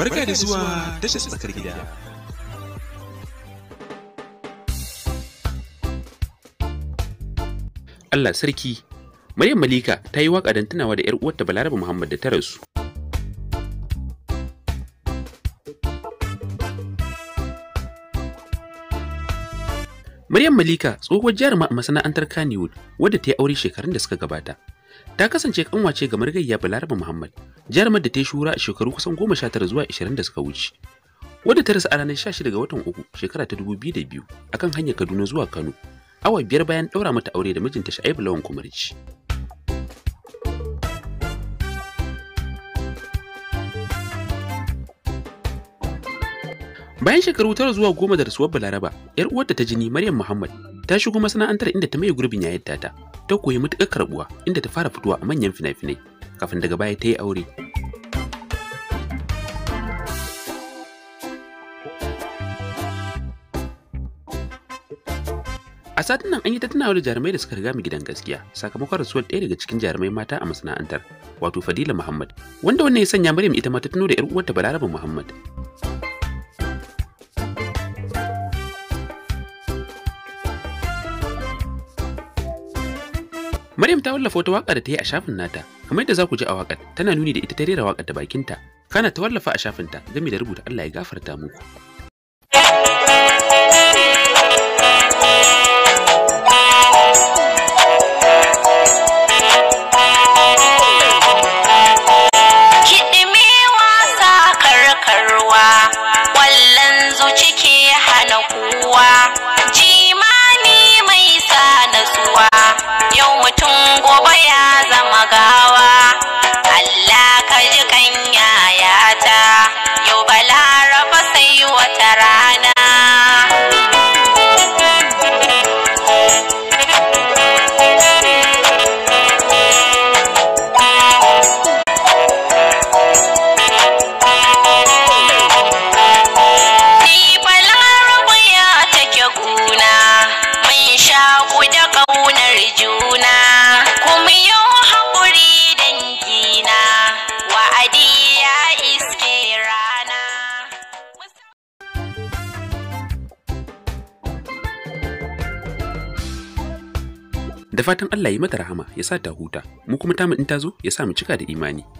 Barka da zuwa tashar tsakar gida. Allah sarki, Maryam Malika ta yi waƙa don tunawa da 'yar uwarta Balaraba Muhammad da ta rasu. Maryam Malika tsohuwar jaruma a masana'antar Kannywood wadda ta yi aure shekarun da suka gabata. ta kasance kanwace ga marigayya balaraba muhammad jarumar da ta yi shura a shekaru kusan goma sha tara zuwa ashirin da suka wuce wadda ta rasa a ranar sha shida ga watan uku shekara ta dubu biyu da biyu akan hanyar kaduna zuwa kano awa biyar bayan ɗaura mata aure da mijinta sha'ibu lawan kumarci Bayan shekaru tara zuwa goma da rasuwar Balaraba, ‘yar uwarta ta jini Maryam Muhammad ta shigo masana'antar inda ta maye gurbin yayarta ta. ta koyi matuƙar karɓuwa inda ta fara fitowa a manyan fina-finai kafin daga baya ta yi aure. A satin nan an yi ta tunawa da jarumai da suka riga mu gidan gaskiya sakamakon rasuwar ɗaya daga cikin jarumai mata a masana'antar wato Fadila Muhammad wanda wannan ya sanya Maryam ita ma ta tuno da 'yar uwarta Balaraba Muhammad. Maryam ta wallafa wata waƙa da ta yi a shafin nata, kamar yadda za ku ji a wakar, tana nuni da ita ta rera wakar da bakinta, kana ta wallafa a shafinta game da rubuta Allah ya gafarta muku. mutum gobe ya za da fatan Allah ya mata rahama ya sa ta huta mu kuma tamu in ta zo ya sa mu cika da imani